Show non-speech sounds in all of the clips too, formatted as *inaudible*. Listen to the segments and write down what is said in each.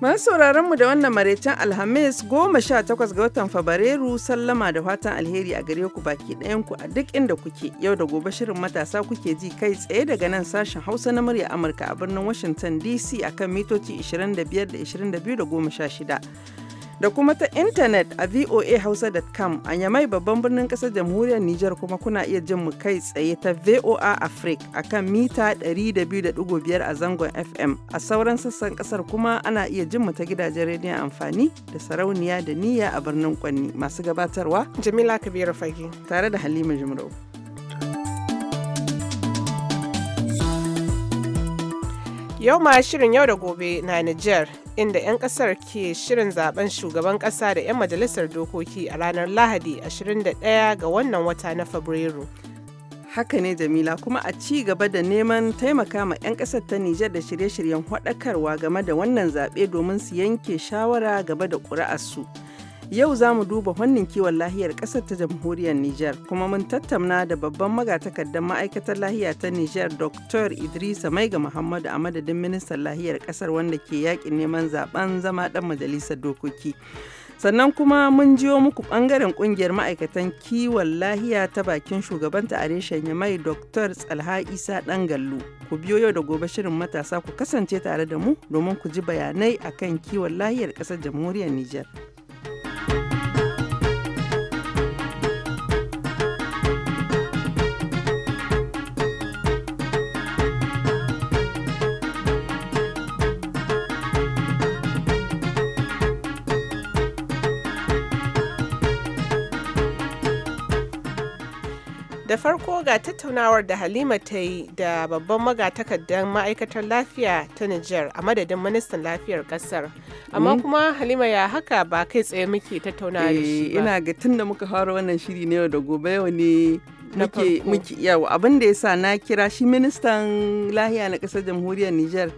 Masu sauraron mu da wannan maraicen Alhamis goma sha takwas ga watan Fabrairu sallama da fatan alheri a gare ku baki ku a duk inda kuke yau da gobe shirin matasa kuke ji kai tsaye daga nan sashen Hausa na murya Amurka a birnin Washington DC akan mitoci 25 da 22 da da kuma ta intanet a voahausa.com a yamai babban birnin kasar jamhuriyar Nijar kuma kuna iya jin mu kai tsaye ta VOA Africa a kan mita 200.5 a zangon FM a sauran sassan kasar kuma ana iya jin mu ta gidajen rediyon amfani da sarauniya da niyya a birnin Kwanni masu gabatarwa Jamila Kabiru Fage tare da Halima jimro. Yau ma shirin yau da gobe na Nijar inda 'yan kasar ke shirin zaben shugaban kasa da 'yan majalisar dokoki a ranar lahadi 21 ga wannan wata na fabrairu haka ne jamila kuma a ci gaba da neman taimaka ma 'yan kasar ta nijar da shirye-shiryen hwadakarwa game da wannan zaɓe domin su yanke shawara gaba da ƙuri'arsu. su Yau za mu duba wannan kiwon lahiyar ƙasar ta jamhuriyar Nijar kuma mun tattauna da babban magatakardar ma'aikatar lahiya ta Nijar Dr. Idrisa Maiga Muhammadu a madadin ministan lahiyar ƙasar wanda ke yakin neman zaben zama ɗan majalisar dokoki. Sannan kuma mun jiyo muku ɓangaren ƙungiyar ma'aikatan kiwon lahiya ta bakin shugabanta a reshen Yamai Dr. Tsalha Isa Ɗangallu. Ku biyo yau da gobe shirin matasa ku kasance tare da mu domin ku ji bayanai akan kiwon lahiyar ƙasar jamhuriyar Nijar. ga tattaunawar da Halima ta yi da babban magatakardar ma'aikatar lafiya ta Nijar a madadin ministan lafiyar kasar. Amma mm. kuma Halima ya haka ba kai tsaye muke tattaunawa da shi eh, ba. Ina ga tun da muka fara wannan shiri ne da gobe yau ne muke yau abin da ya sa na kira shi ministan lafiya na kasar jamhuriyar Nijar.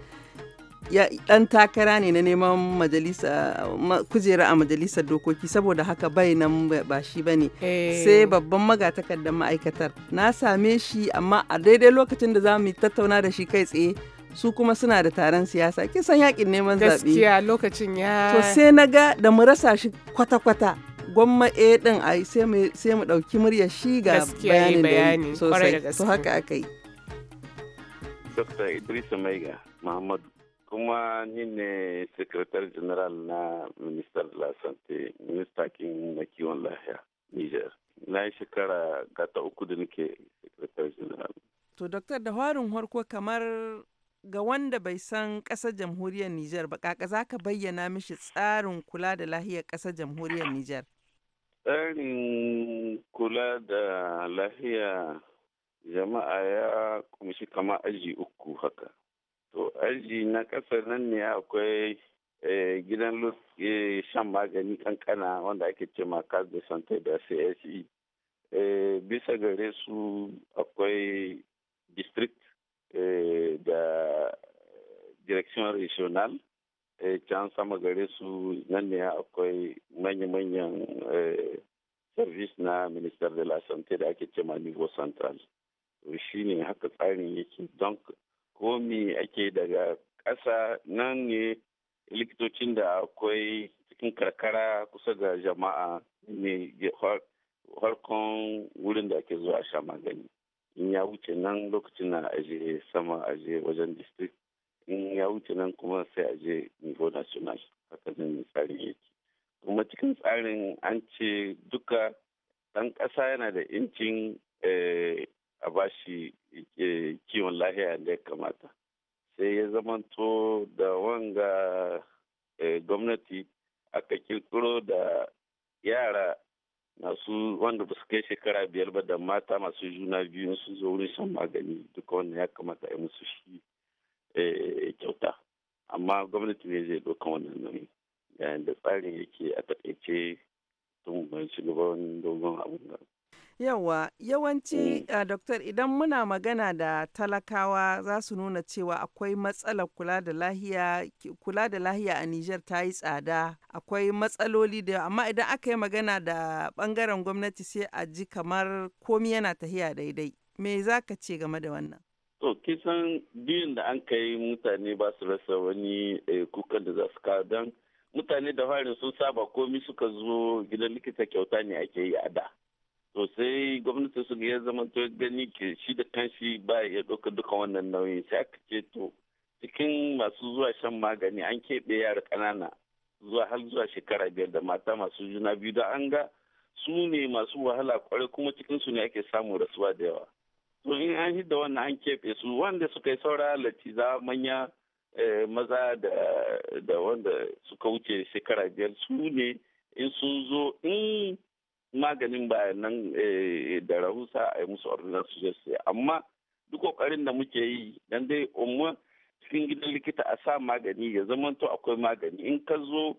ya dan takara ne na neman majalisa kujera a majalisar dokoki saboda haka bai nan ba shi bane eh. sai babban magatakardar ma'aikatar na same shi amma a daidai lokacin da za mu tattauna da shi kai tsaye su kuma suna da taron siyasa kin san yakin neman zaɓe gaskiya lokacin ya to sai na ga da mu rasa shi kwata-kwata gwamma eh a din sai mu ɗauki murya shi ga bayanin sosai to haka aka yi Dr. Idris Maiga Muhammadu kuma ni ne sekretar general na minister de la santé ministakin na kiwon lahiya niger na yi shekara gata uku da nake sekretar general to doktor da warin harko kamar ga wanda bai san ƙasar jamhuriyar niger ba kaka za ka bayyana mishi tsarin kula da lahiyar ƙasar jamhuriyar niger tsarin kula da lahiya jama'a ya kumshi kama aji uku haka To aji na ƙasa nan ne akwai eh, gidan eh, shan magani kankana wanda ake ce ma santa da CSE. Eh, bisa gare su akwai district da direction regional can sama gare su nan ne akwai manya-manyan service na minister de la santé da ake ce ma niveau central. Shi ne haka tsarin yake don ko me ake daga ƙasa nan ne likitocin da akwai cikin karkara kusa da jama'a ne harkon wurin da ake zuwa sha magani in ya wuce nan lokacin na aje sama aje wajen district in ya wuce nan kuma sai aje nivo national haka tsarin yake kuma cikin tsarin an ce duka ɗan ƙasa yana da incin eh, a ba shi eh, kiwon lahiya da ya kamata sai ya zamanto da wanga eh, gwamnati ka kirkiro da yara masu wanda ba su kai shekara biyar ba da mata masu juna biyu su zo wurin shan magani duka wannan ya kamata a musu shi eh, kyauta amma gwamnati ne zai ɗauka wannan nauyi yayin da tsarin yake a takaice tun ban shiga wani dogon abun Yawa, yawanci mm. uh, doktor idan muna magana da talakawa za su nuna cewa akwai matsalar kula da lahiya, kula da lahiya a Nijar ta yi tsada, akwai matsaloli da amma idan aka yi magana da bangaren gwamnati sai a ji kamar komi yana tahiya daidai. Me za ka ce game da wannan? To, kisan biyun da an kai mutane ba su rasa wani eh, kukan da za su kawo don mutane da farin sun saba komi suka zo gidan likita kyauta ne ake yi a da. to gwamnati su ya zama to gani ke shi da kanshi ba ya ɗauka duka wannan nauyi sai aka ce to cikin masu zuwa shan magani an keɓe yara ƙanana zuwa har zuwa shekara biyar da mata masu juna biyu da an ga su ne masu wahala kwarai kuma cikin su ne ake samu rasuwa da yawa to in an hidda wannan an keɓe su wanda suka yi saura za manya eh, maza da wanda suka wuce shekara biyar su ne in sun zo in maganin bayanan eh, da rahusa a yi musu ordinance su sai amma duk kokarin da muke yi dan dai umma cikin gidan likita a sa magani ya zamanto akwai magani in ka zo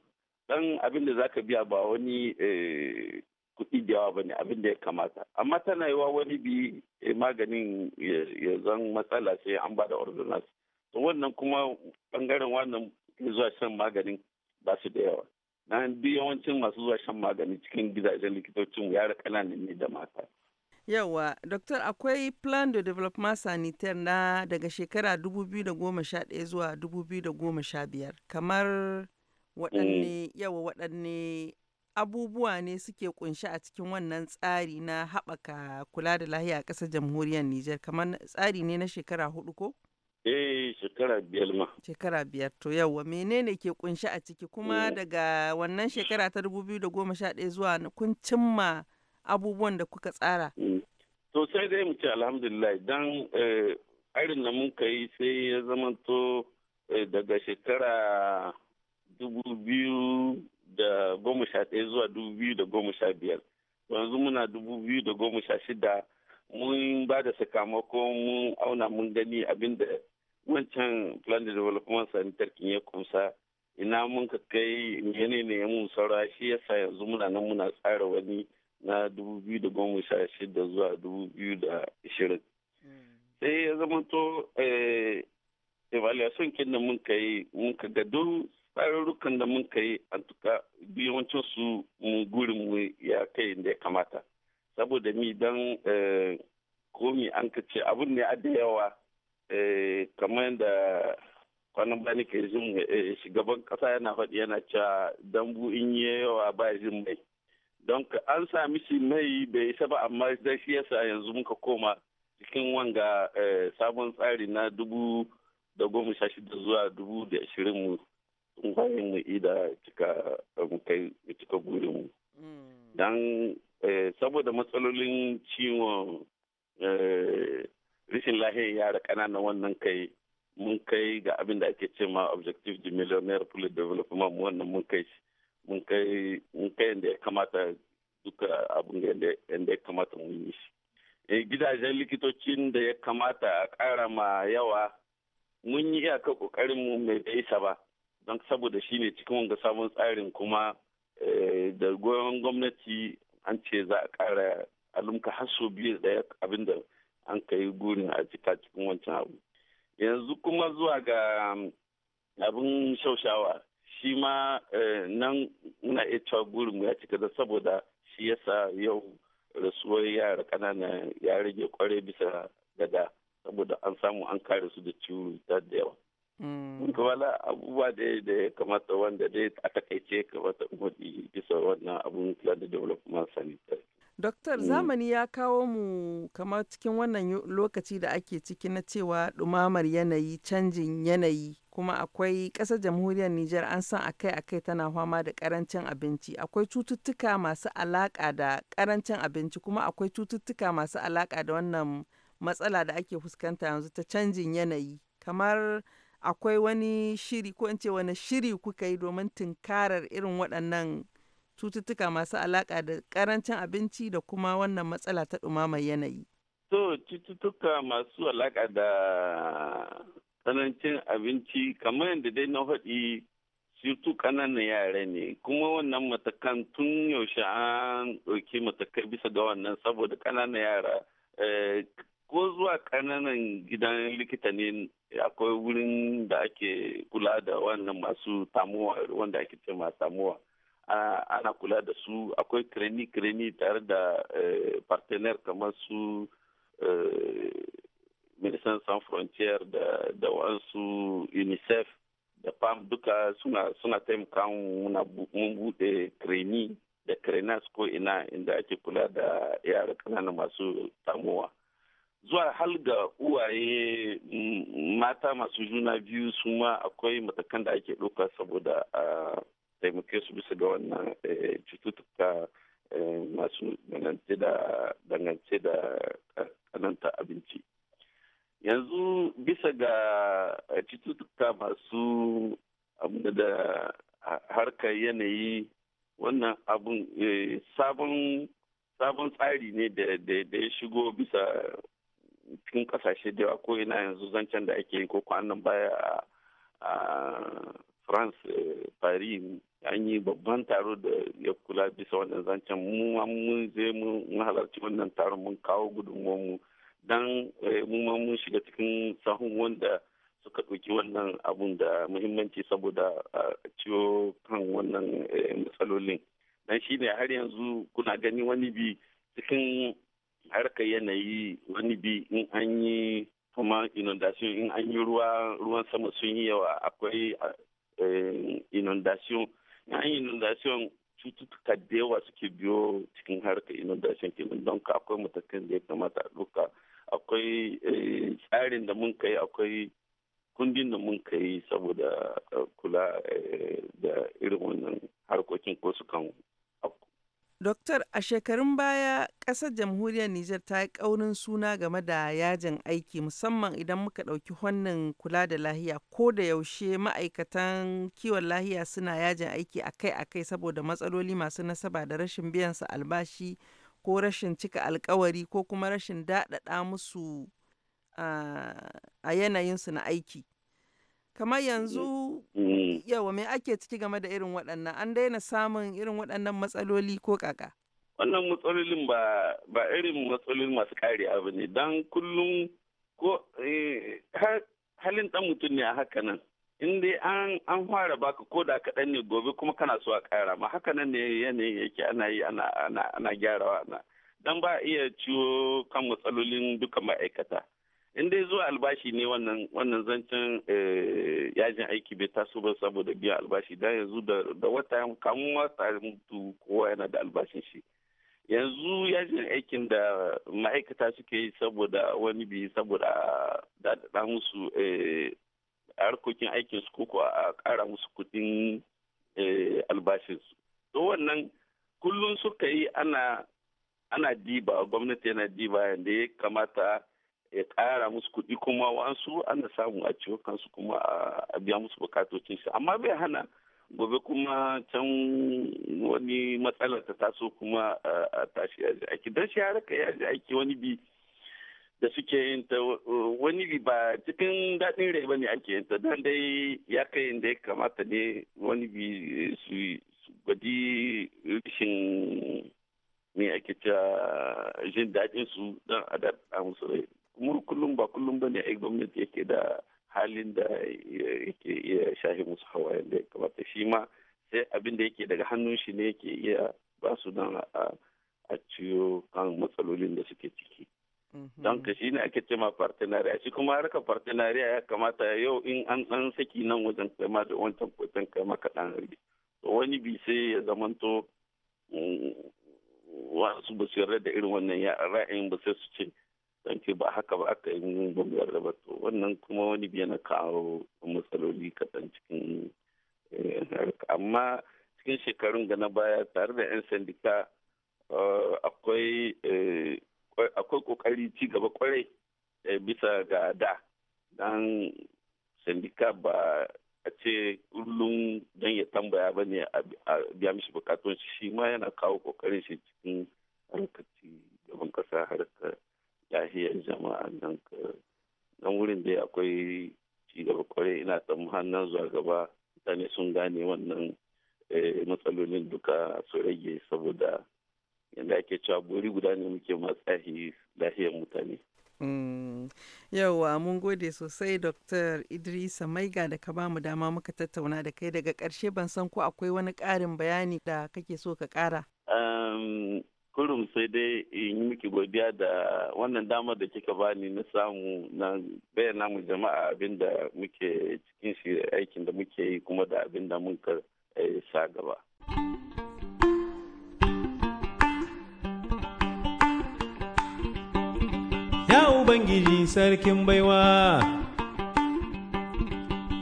dan abin da zaka biya ba wani eh, kuɗi da yawa bane abin da ya kamata amma tana yiwa wani bi eh, maganin ya zan matsala sai an ba da ordinance to wannan kuma bangaren wannan zuwa shan maganin ba su da yawa na yawancin masu zuwa shan magani cikin gidajen likitocin yara kananan ne da mata yawa doktor akwai plan de development sanitaire na daga shekara 2011 zuwa 2015 kamar waɗanne mm. yawa waɗanne abubuwa ne suke kunshi a cikin wannan tsari na haɓaka kula da lahiya a ƙasar jamhuriyar Nijar kamar tsari ne na shekara hudu ko? Eh shekara biyar ma. Shekara biyar to yawwa menene ke kunshi a ciki kuma mm. daga wannan shekara ta dubu biyu da goma sha ɗaya zuwa kun cimma abubuwan da kuka tsara. Mm. To sai dai mu ce alhamdulillah dan eh, arin da mun yi sai ya zama to eh, daga shekara dubu biyu da goma sha ɗaya zuwa dubu biyu da goma sha biyar. Yanzu muna dubu biyu da goma sha shida mun ba da sakamako mun auna mun gani abinda wancan plan da development center kin ya kumsa ina mun ka kai mene ne ya mun saura shi yasa yanzu muna nan muna tsara wani na 2016 zuwa 2020 sai ya zama to eh, evaluation kin da mun kai mun ka ga duk tsarurrukan da mun kai an tuka yawancin su gurin mu ya kai da ya kamata saboda mi dan eh, komi an ka ce abun ne a da yawa Eh, kamar da kwanan ba nake jin eh, shugaban kasa yana faɗi yana cewa dambu in yi yawa ba jin mai don an sami shi mai bai isa ba amma zai shi yasa yanzu muka koma cikin wanga eh, sabon tsari na dubu da goma sha shida zuwa dubu da ashirin mu sun bayan mu ida cika kai cika burin mu mm. don saboda matsalolin ciwon rishin lahiyar yara ƙananan wannan kai mun kai ga abin da ake ce ma objective de millionaire pour le développement wannan mun kai mun kai mun kai yadda ya kamata duka abin yadda ya kamata mun yi shi eh, gidajen likitocin da ya kamata a kara ma yawa mun yi iyaka kokarin mu mai da isa ba don saboda shi ne cikin wanga sabon tsarin kuma eh, da goyon gwamnati an ce za a ƙara alumka har so biyu da abin da an kai yi gurin a cika cikin wancan abu yanzu kuma zuwa ga um, abin shaushawa shi ma eh, nan muna iya cewa gurin ya cika da saboda shi yasa yau rasuwar yara ƙanana ya rage kwarai bisa gada saboda an samu an kare su da ciwo ta da yawa mm. wala abubuwa da ya kamata wanda dai a takaice kamata umarni bisa wannan abun kula da development sanitary Doktor eh. zamani ya kawo mu kamar cikin wannan lokaci da ake ciki na cewa dumamar yanayi canjin yanayi kuma akwai ƙasar jamhuriyar Nijar an san akai-akai tana fama da ƙarancin abinci akwai cututtuka masu alaƙa da ƙarancin abinci kuma akwai cututtuka masu alaƙa da wannan matsala da ake fuskanta yanzu ta canjin yanayi kamar akwai wani shiri ko in ce wani shiri kuka yi domin tunkarar irin waɗannan cututtuka masu alaƙa da ƙarancin abinci da kuma wannan matsala ta dumama yanayi. So cututtuka masu alaƙa da ƙarancin abinci kamar yadda dai na faɗi su ƙananan yare ne kuma wannan matakan tun yaushe an ɗauki matakai bisa ga wannan saboda ƙananan yara eh, ko zuwa ƙananan gidan likita ne akwai wurin da ake kula da wannan masu tamuwa wanda ake ce masu tamuwa ana kula da su akwai kireni-kireni tare da eh, partenaire kamar su eh, medecin sans frontières da wasu unicef da pam duka suna taimaka mun bude kreni da krenas ko ina inda ake kula da yara kananan masu tamowa zuwa hal ga uwaye mata masu juna biyu su ma akwai matakan da ake ɗauka saboda ah, taimake su bisa ga wannan eh, cututtuka eh, masu dangance da dangance da kananta abinci yanzu bisa ga cututtuka masu abinda da harkar yanayi wannan abun eh, sabon sabon tsari ne da ya shigo bisa cikin kasashe da yawa ko ina yanzu zancen da ake yi ko kwanan baya a france eh, paris an yi babban taro da ya kula bisa wannan zancen mu mun je mun halarci wannan taron mun kawo gudunmu don eh, mu ma mun shiga cikin sahun wanda suka ɗauki wannan abun da muhimmanci saboda eh, ciwo kan wannan matsalolin dan shi ne har yanzu kuna gani wani bi cikin harkar yanayi wani bi in an yi kuma inundation in an yi ruwa ruwan sama sun yi yawa akwai Eh, inundation yan inundation cututtuka da yawa suke biyo cikin harkar inundation kenan don ka akwai matakan da ya kamata a akwai eh, tsarin da mun kai akwai kundin da mun kai saboda eh, kula da irin wannan harkokin ko su kan Doktor, a shekarun baya ƙasar jamhuriyar Nijar ta yi ƙaunin suna game da yajin aiki musamman idan muka ɗauki wannan kula da lahiya ko da yaushe ma'aikatan kiwon lahiya suna yajin aiki akai-akai saboda matsaloli masu nasaba da rashin biyan su albashi ko rashin cika alkawari ko kuma rashin daɗaɗa musu ah, a yanayinsu na aiki. kamar yanzu mm. mm. yawa me ake ciki game da irin waɗannan an daina samun irin waɗannan matsaloli ko kaka wannan matsalolin ba irin matsalolin masu ƙari abu ne don kullum ko eh, halin ɗan mutum ne a haka nan in dai an fara baka ko da kaɗan ne gobe kuma kana so a ƙara ma haka nan ne yanayin yake ana yi ana gyarawa ana dan ba iya ciwo kan matsalolin duka ma'aikata in dai zuwa albashi ne wannan wannan zancen eh, yajin aiki bai taso ba saboda biyan albashi dan yanzu da wata kamun wata mutu kowa yana da albashin shi yanzu yajin aikin da ma'aikata suke yi saboda wani bi saboda da da musu eh, harkokin aikin su koko a kara musu kudin eh, albashin su to wannan kullum suka yi ana ana diba gwamnati yana diba yadda ya kamata ya ƙara musu kuɗi kuma wasu ana samu a ciwo kansu kuma a biya musu bukatocin su amma bai hana gobe kuma can wani matsala ta taso kuma a tashi ji aiki don shi ya ji aiki wani bi da suke yin ta wani bi ba cikin daɗin rai ba ne ake yin ta don dai ya kai inda ya kamata ne wani bi su gwaji rashin me ake cewa jin daɗin su don a musu rai mur kullum ba kullum ba ne a gwamnati yake da halin da yake iya shahi musu hawayen da ya kamata shi ma sai abin da yake daga hannun shi ne yake iya ba su nan a ciyo kan matsalolin da suke ciki mm-hmm. don ka shi ne ake cema partenariya shi kuma harka partenariya ya kamata yau in an dan saki nan wajen kai ma da wancan kwatan ma kaɗan rage wani bi sai ya zamanto mm, wasu ba su yarda da irin wannan ya ra'ayin ba sai su ce don ce ba haka ba aka yi gwamnati ba to wannan kuma wani biya na kawo matsaloli kaɗan cikin eh, amma cikin shekarun gana na baya tare da 'yan sandika eh, akwai eh, kokari ci gaba kwarai bisa ga da don sandika ba a ce kullum don ya tambaya ba ne a biya mishi bukatun shi ma yana kawo kokarin shi cikin harkar gaban kasa harkar lahiyar jama'a nan nan wurin dai akwai ci gaba kwarai ina tsammanin zuwa gaba mutane sun gane wannan eh, matsalolin duka su rage saboda yadda ake cewa buri guda ne muke matsahi lahiyar mutane mm. yauwa mun gode sosai dr idrisa maiga da ka bamu dama muka tattauna da kai daga karshe ban san ko akwai wani ƙarin bayani da kake so ka ƙara um, kurum sai dai in yi miki godiya da wannan damar da kika bani na samu na bayyana mu jama'a abin da muke cikin shi aikin da muke yi kuma da abin da mun eh, sa gaba. Ya Ubangiji sarkin baiwa.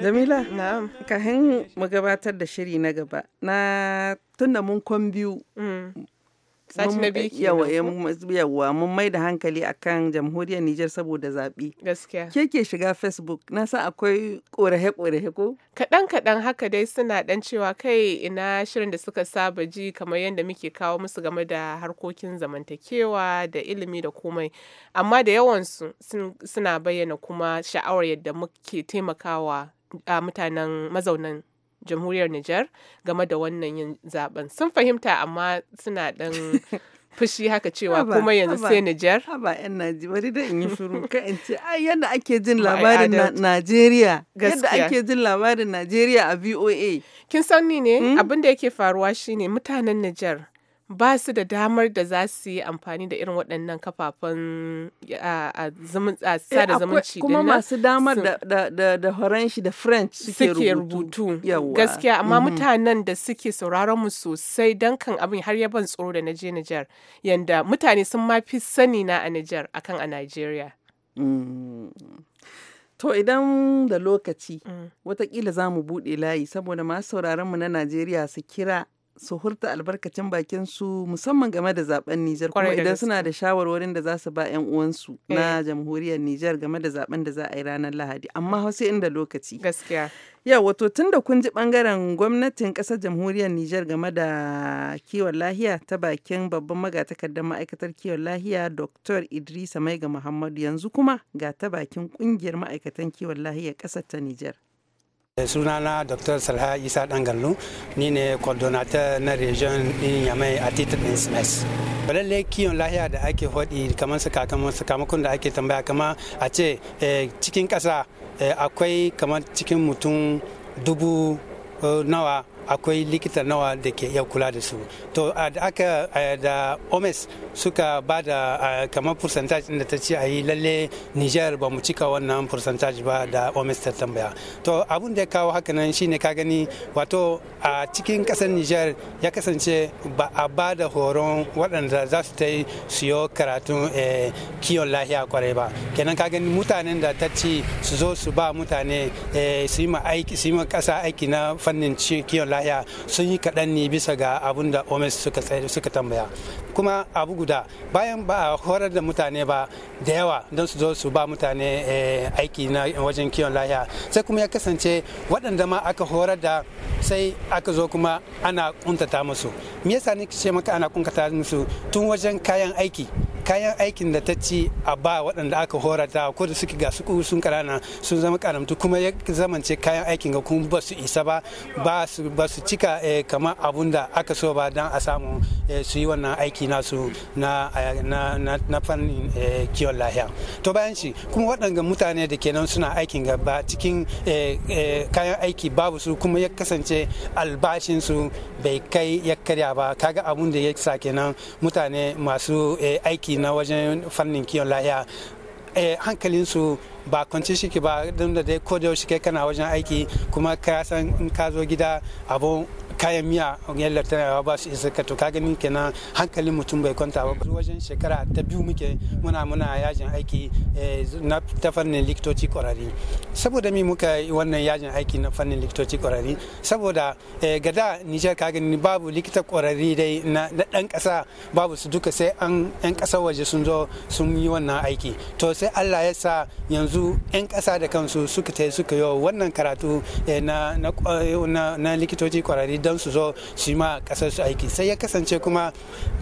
Jamila, *laughs* ka hin mu gabatar da shiri na gaba. Na tunda mun kwan biyu. Mm. Eh, mun mai da hankali akan jamhuriyar Nijar saboda zaɓe. Gaskiya. Ke ke shiga Facebook, na sa akwai ƙorahe-ƙorahe ko? Kaɗan kaɗan haka dai suna ɗan cewa kai ina shirin da suka saba ji kamar yadda muke kawo musu game da harkokin zamantakewa da ilimi da komai. Amma da yawansu suna bayyana kuma sha'awar yadda muke taimakawa a mutanen mazaunan jamhuriyar Nijar game da wannan yin zaben sun fahimta amma suna dan *laughs* fushi haka cewa kuma yanzu sai Nijar. Haba yan Najeriya da in yi shuru ka ce ai yadda ake jin labarin Najeriya yadda ake jin labarin Najeriya a VOA. Kin san ni ne hmm? abin da yake faruwa shine mutanen Nijar ba su da damar da za su yi amfani da irin waɗannan kafafen a eh, sada zumunci kuma masu damar da faranshi da french suke rubutu gaskiya amma mm-hmm. mutanen da suke sauraron mu sosai don kan abin har ya ban tsoro da naje Nijar yanda mutane sun ma fi sani na a Nijar akan a Najeriya. Mm. To idan da lokaci mm. watakila za mu buɗe layi saboda masu sauraron mu na Najeriya su kira su hurta albarkacin bakin su musamman game da zaben Nijar kuma idan suna da shawarwarin da za su ba 'yan uwansu na eh. jamhuriyar Nijar game da zaben da za a yi ranar Lahadi amma hausa inda lokaci gaskiya ya wato tun da kun ji bangaren gwamnatin kasar jamhuriyar Nijar game da kiwon lahiya ta bakin babban magatakardar ma'aikatar kiwon lahiya Dr. Idrisa Maiga Muhammadu yanzu kuma ga ta bakin kungiyar ma'aikatan kiwon lahiya kasar ta Nijar Eh, sunana dr salha isa dangalu ni ne coordinator na region din yamai a titin sms balalle kiyon lahiya da ake hodi kamar sakamakon da ake tambaya kama a ce eh, cikin kasa eh, akwai kamar cikin mutum dubu nawa akwai likita nawa da ke iya kula da su to da aka da omes suka ba da kamar percentage da ta ce a yi lalle niger ba mu cika wannan percentage ba da oms ta tambaya to abun da ya kawo haka nan shine ka gani wato a cikin kasar niger ya kasance ba a ba da horon waɗanda za su ta yi siyo karatun eh, kiyon lahiya kwarai ba kenan ka gani mutanen da ta ci su zo su ba mutane eh, su yi ma aiki aiki na fannin kiyon lahiya sun yi kaɗan ne bisa ga abun da oms suka tambaya kuma abu guda bayan ba a horar da mutane ba da yawa don su zo su ba mutane eh, aiki na wajen kiwon lahiya sai kuma ya kasance waɗanda ma aka horar da sai aka zo kuma ana kuntata musu me yasa ne ce maka ana kuntata musu tun wajen kayan aiki kayan aikin da ta ci a ba waɗanda aka horata ko da suke ga su sun karana sun zama karamtu kuma ya zamance kayan aikin ga kuma ba su isa ba ba su cika eh, kamar abun da aka so ba don a samu eh, su yi wannan aiki nasu na eh, fannin kiwon lahiya to bayan shi kuma waɗanda mutane da kenan suna aikin ga ba cikin kayan aiki babu su kuma ya kasance albashinsu bai kai ya karya ba kaga abun da ya sa kenan mutane masu aiki na wajen fannin kiwon lahiya eh, hankalinsu ba kwanci shi ba don da dai ko kai kana wajen aiki kuma ka san in ka zo gida abu kayan miya yallar yawa ba su isa ka to ka gani kenan hankalin mutum bai kwanta ba wajen shekara ta biyu muke muna muna yajin aiki eh, na ta fannin likitoci kwarari saboda mi muka yi wannan yajin aiki na fannin likitoci kwarari saboda eh, gada nijar ka babu likita kwarari dai na dan kasa babu su duka sai an yan kasar waje sun zo sun yi wannan aiki to sai Allah ya sa yanzu yan kasa da kansu suka tai suka yi wannan karatu eh, na likitoci kwarari don su zo su ma kasar su aiki sai ya kasance kuma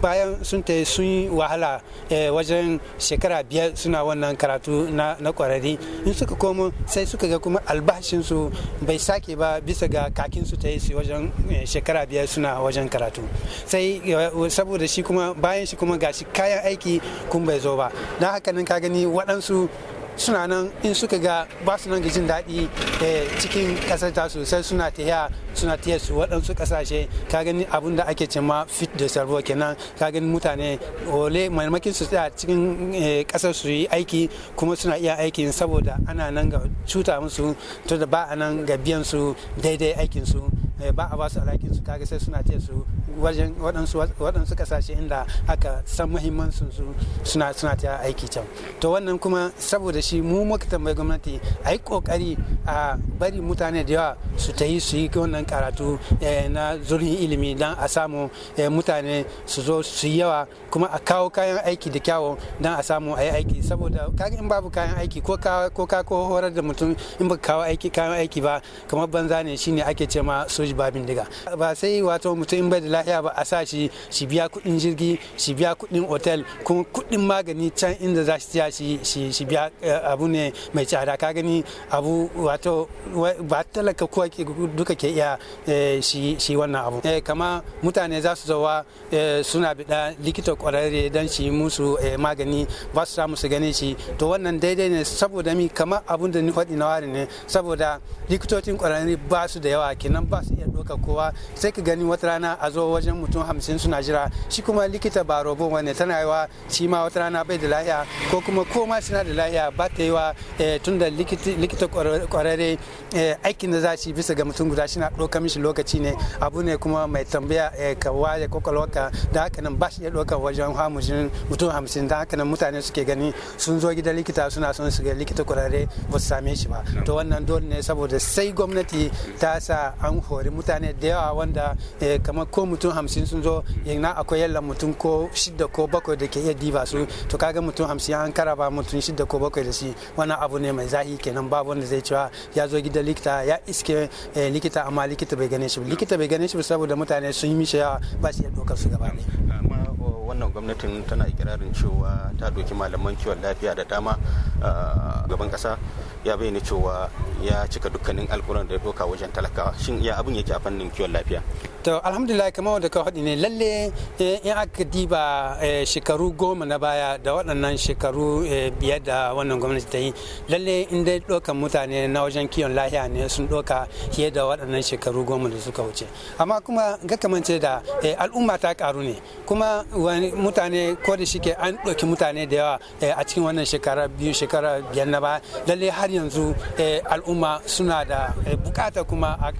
bayan sun ta sun yi wahala eh, wajen shekara biyar suna wannan karatu na kwararri in suka komo sai suka ga kuma albashin su bai sake ba bisa ga kakin su ta yi su wajen eh, shekara biyar suna wajen karatu sai eh, saboda shi kuma bayan shi kuma gashi kayan aiki kun bai zo ba don haka nan ka gani waɗansu suna nan in suka ga ba su nan jin daɗi eh, cikin ƙasar ta sosai suna taya suna su waɗansu ƙasashe ka gani abin da ake cema fit da sarbo kenan ka gani mutane ole maimakin su tsaya cikin eh, ƙasar su yi aiki kuma suna iya aiki saboda ana nan ga cuta musu to da ba a nan ga biyan su daidai aikin su Eh, ba a basu alakin su kage sai suna ce su wajen waɗansu kasashe inda aka san sun su suna suna ta aiki can to wannan kuma saboda shi mu muka tambayi gwamnati a yi kokari a bari mutane da yawa su ta yi su yi wannan karatu eh, na zurin ilimi don a samu eh, mutane su zo su yawa kuma a kawo kayan aiki da kyawu don a samu a yi aiki saboda kaga in babu kayan aiki ko ka ko horar da mutum in ba kawo aiki kayan aiki ba kamar banza ne shine ake ce ma soji ba bindiga ba sai wato mutum bai da lafiya ba a sa shi shi biya kuɗin jirgi shi biya kuɗin otel kuma kuɗin magani can inda za shi shi shi biya eh, abu ne mai tsada ka gani abu wato ba talaka kuwa duka ke iya eh, shi wannan abu eh, kama mutane za su zawa suna bida likita kwararre don shi musu magani ba su samu su gane shi to wannan daidai ne saboda mi kama abun da ni faɗi na wari ne saboda likitocin kwararre ba su da yawa kenan ba su iya doka kowa sai ka gani wata rana a zo wajen mutum hamsin suna jira shi kuma likita ba robon wani tana yawa shi ma wata rana bai da lafiya ko kuma ko suna da ya ba ta yi wa eh, tun da likita kwararre eh, aikin da za shi bisa ga mutum guda shina doka mishi lokaci ne abu ne kuma mai tambaya eh, ka waye kwakwalwarka da haka nan ba shi iya doka wajen hamsin mutum hamsin da haka nan mutane suke gani sun zo gidan likita suna son su ga likita kwararre ba su same shi ba to wannan dole ne saboda sai gwamnati ta sa an hori mutane da yawa wanda eh, kamar ko mutum hamsin sun zo yana akwai yalla mutum ko shidda ko bakwai da ke iya diba su to kaga mutum hamsin an karaba mutum shidda ko bakwai da shi wannan abu ne mai zahi kenan babu wanda zai cewa ya zo gidan likita ya iske eh, likita amma likita bai gane shi likita bai gane shi saboda mutane sun yi mishi yawa ba shi ya dokar su gaba ne. wannan gwamnatin tana ikirarin cewa ta doki malaman kiwon lafiya da dama ah, gaban kasa. ya bayyana cewa ya cika dukkanin alkuran da ya doka wajen talakawa shin ya abin yake a fannin kiwon lafiya to alhamdulillah kamar wanda ka faɗi ne lalle eh, in aka diba eh, shekaru goma na baya da waɗannan shekaru eh, biyar da wannan gwamnati ta yi lalle in dai ɗaukan mutane na wajen kiwon lafiya ne sun ɗauka fiye da waɗannan shekaru goma da suka wuce amma kuma ga kamance da al'umma ta karu ne kuma mutane ko da shike an ɗauki mutane da yawa a cikin wannan shekara biyu shekara biyar na baya lalle har har yanzu eh, al'umma suna da eh, bukata kuma a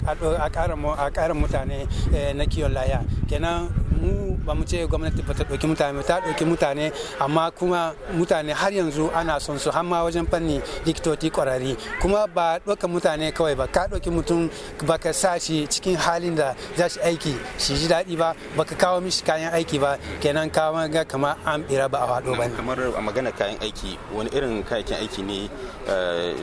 ƙara mutane eh, na kiyon laya kenan mu ba mu ce gwamnati ba ta ɗauki mutane ta ɗauki mutane amma kuma mutane har yanzu ana son su hamma wajen fanni likitoci kwararri kuma ba ɗauka mutane kawai ba ka ɗauki mutum ba ka sa shi cikin halin da za shi aiki shi ji daɗi ba ba ka kawo mishi kayan aiki ba kenan kawo ga kama an ɓira ba a haɗo ba kamar a magana kayan aiki wani irin kayan aiki ne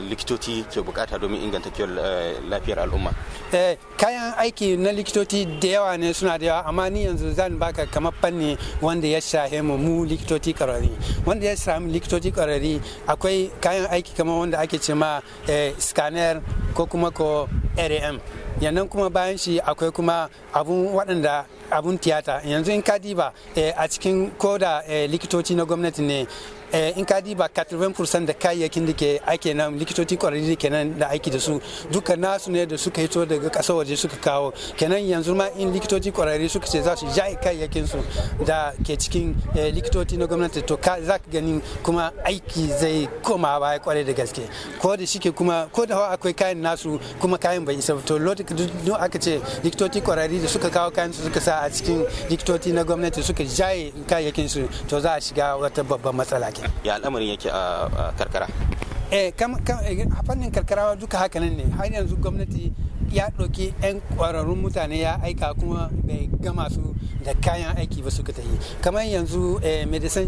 likitoci ke bukata domin inganta kiwon eh, lafiyar al'umma eh, kayan aiki na likitoci da yawa ne suna da yawa amma ni yanzu zan baka kamar fanni wanda ya shahe mu mu likitoci karari wanda ya shahe likitoci karari akwai kayan aiki kamar wanda ake ce ma eh, scanner ko kuma ko rm yannan kuma bayan shi akwai kuma abun waɗanda abun tiyata yanzu in ka diba a cikin koda likitoci na gwamnati ne Eh, in ka diba 80% da kayayyakin da ke ake nan likitoci kwararri kenan da aiki da su duka nasu ne da suka hito daga kasar waje suka kawo kenan yanzu ma in likitoci kwararri suka ce za su ja kayayyakin su da ke cikin eh, likitoci na gwamnati to za ka gani kuma aiki zai koma baya kwarai da gaske ko da shike kuma ko da akwai kayan nasu kuma kayan bai isa to lokacin aka ce likitoci kwararri da suka kawo kayan su suka sa a cikin likitoci na gwamnati suka jaye kayayyakin su to za a shiga wata babban matsala ya al'amarin yake a karkara eh, eh fannin karkara duka hakanan ne har yanzu gwamnati ya ɗauki 'yan ƙwararrun mutane ya aika kuma bai gama su da kayan aiki ba suka tafi kamar yanzu eh, medicine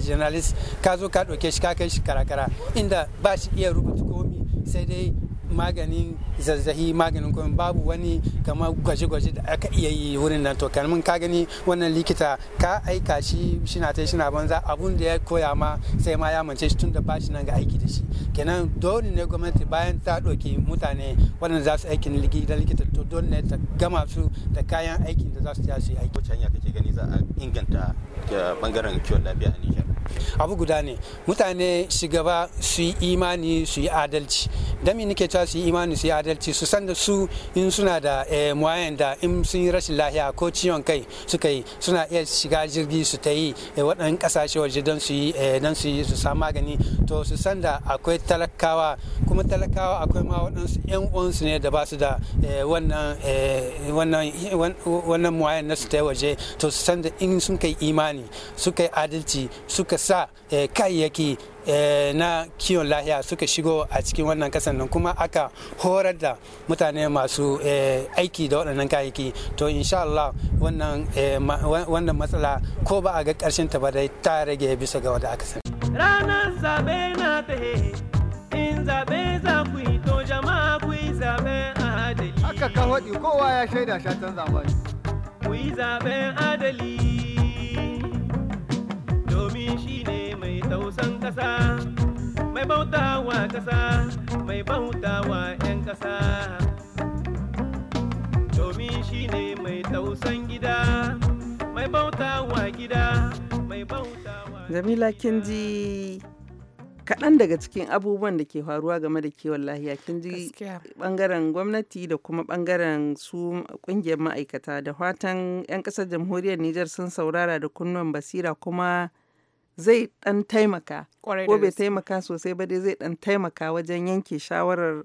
generalist ka zo ka ɗauke shi ka kai shi karakara inda ba shi iya rubuta komi sai dai maganin zazzahi maganin kuma babu wani kamar gwaje-gwaje da aka iya yi wurin nan to kalmin ka gani wannan likita ka aika shi shina ta shina banza abun da ya koya ma sai ma ya mance shi tunda ba shi nan ga aiki da shi kenan dole ne gwamnati bayan ta ɗauki mutane waɗanda za su aikin likita likita to dole ne ta gama su da kayan aikin da za su ta shi aiki. Wace hanya kake gani za a inganta bangaren kiwon lafiya a Nijar? Abu guda ne mutane shugaba su yi imani su yi adalci. Dami nake cewa su yi imani su yi adalci su san da su in suna da eh, muwayan da in sun yi rashin lahiya ko ciwon kai suka yi suna iya shiga jirgi su ta yi eh, waɗannan ƙasashe waje don su yi eh, don su yi su magani to su san da akwai talakawa kuma talakawa akwai ma waɗansu yan uwansu ne da ba su da wannan wannan muwayan na su ta waje to su san da in sun kai imani suka yi adalci suka sa kayayyaki Eh, na kiwon lahiya suka shigo a cikin wannan kasan nan kuma aka horar da mutane masu eh, aiki da waɗannan kayayyaki to insha Allah eh, wannan matsala ko ba a ga ƙarshen ta ba dai ta rage bisa ga wanda aka sani ranar zabe na ta in zabe za ku yi to jama'a ku yi zabe adali haka ka faɗi kowa ya shaida shatan zamani ku yi a adali domin shi ne tausan ƙasa mai bautawa ƙasa mai bautawa 'yan ƙasa domin shi ne mai tausan gida mai bautawa gida mai bautawa jamila kinji ji kaɗan daga cikin abubuwan da ke faruwa game da kiwon lahiya kin ji ɓangaren gwamnati da kuma ɓangaren su ƙungiyar ma'aikata da fatan 'yan ƙasar jamhuriyar Nijar sun saurara da kunnuwan basira kuma zai dan taimaka ko bai taimaka sosai ba dai zai dan taimaka wajen yanke shawarar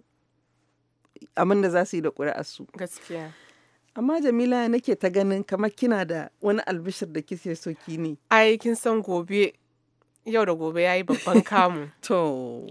abin da za su yi da ƙuri'arsu. Gaskiya. Amma Jamila nake ta ganin kamar kina da wani albishir da kise so ki ne. Ai kin san gobe yau da gobe yayi babban kamu. *laughs* to.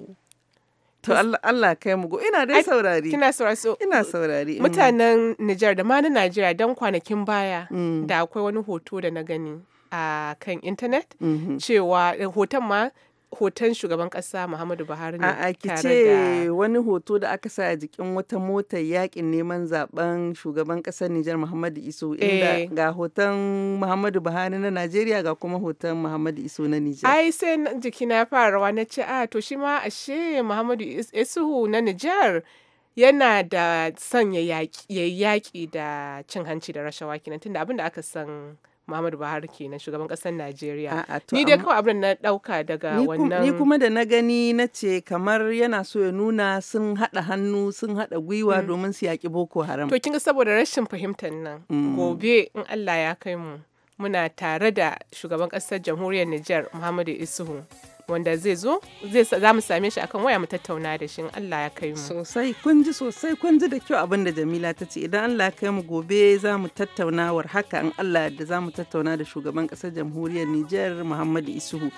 To Allah kai mu go ina dai saurari. Kina saurari so. Ina saurari. Mm. Mutanen Nijar da ma na Najeriya dan kwanakin baya mm. da akwai wani hoto da na gani. a kan intanet mm-hmm. cewa eh, hoton ma hoton shugaban kasa Muhammadu Buhari ne a kice wani hoto da aka sa a jikin wata mota yakin neman zaben shugaban kasar Nijar Muhammadu Iso inda eh. ga hoton Muhammadu Buhari na Najeriya ga kuma hoton Muhammadu Iso na Nijar ai sai jiki na farawa na ce a ah, to shi ma ashe Muhammadu Isuhu na Nijar yana da son ya yaƙi da cin hanci da rashawa kenan tunda abin da aka san Muhammadu Buhari kenan shugaban ƙasar Najeriya. Ni dai kawai abin na ɗauka daga wannan. Ni kuma da na gani na ce kamar yana so ya nuna sun haɗa hannu sun haɗa gwiwa mm. domin su yaƙi Boko Haram. To kin saboda rashin fahimtar nan mm. gobe in Allah ya kai mu muna tare da shugaban ƙasar jamhuriyar Nijar Muhammadu Isuhu. wanda zai zo zai za mu same shi akan waya mu tattauna da shi Allah ya kai mu sosai kun ji sosai kun ji da kyau abin da Jamila ta ce idan Allah ya kai mu gobe za mu tattaunawar haka in Allah da za mu tattauna da shugaban kasar jamhuriyar Nijar Muhammadu Isuhu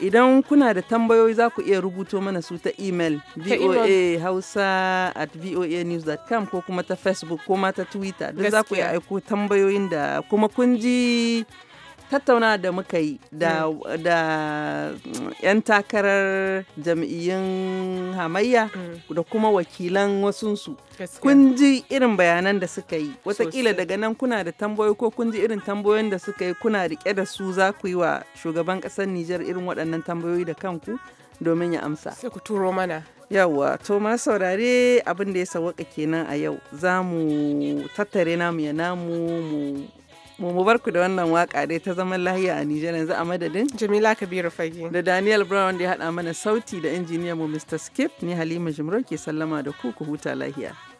idan kuna da tambayoyi za ku iya rubuto mana su ta email voahausa@voanews.com hausa at ko kuma ta facebook ko ma ta twitter duk za ku iya aiko tambayoyin da kuma kun ji tattauna da muka yi da 'yan takarar jam'iyyun hamayya mm. da kuma wakilan wasunsu kun ji irin bayanan da suka yi watakila daga nan kuna da tambayoyi ko kun ji irin tambayoyin da suka yi kuna rike da su za ku yi wa shugaban ƙasar nijar irin waɗannan tambayoyi da kanku domin ya amsa sai ku turo mana yawwa to ma saurare abin da ya sawaka kenan a yau za mu tattare namu ya namu mu mu mu barku da wannan waka dai ta zaman lahiya a Nijar yanzu a madadin Jamila Kabiru Fage da Daniel Brown ya hada mana sauti da injiniyan mu Mr. Skip ni Halima Jumro ke sallama da ku ku huta lahiya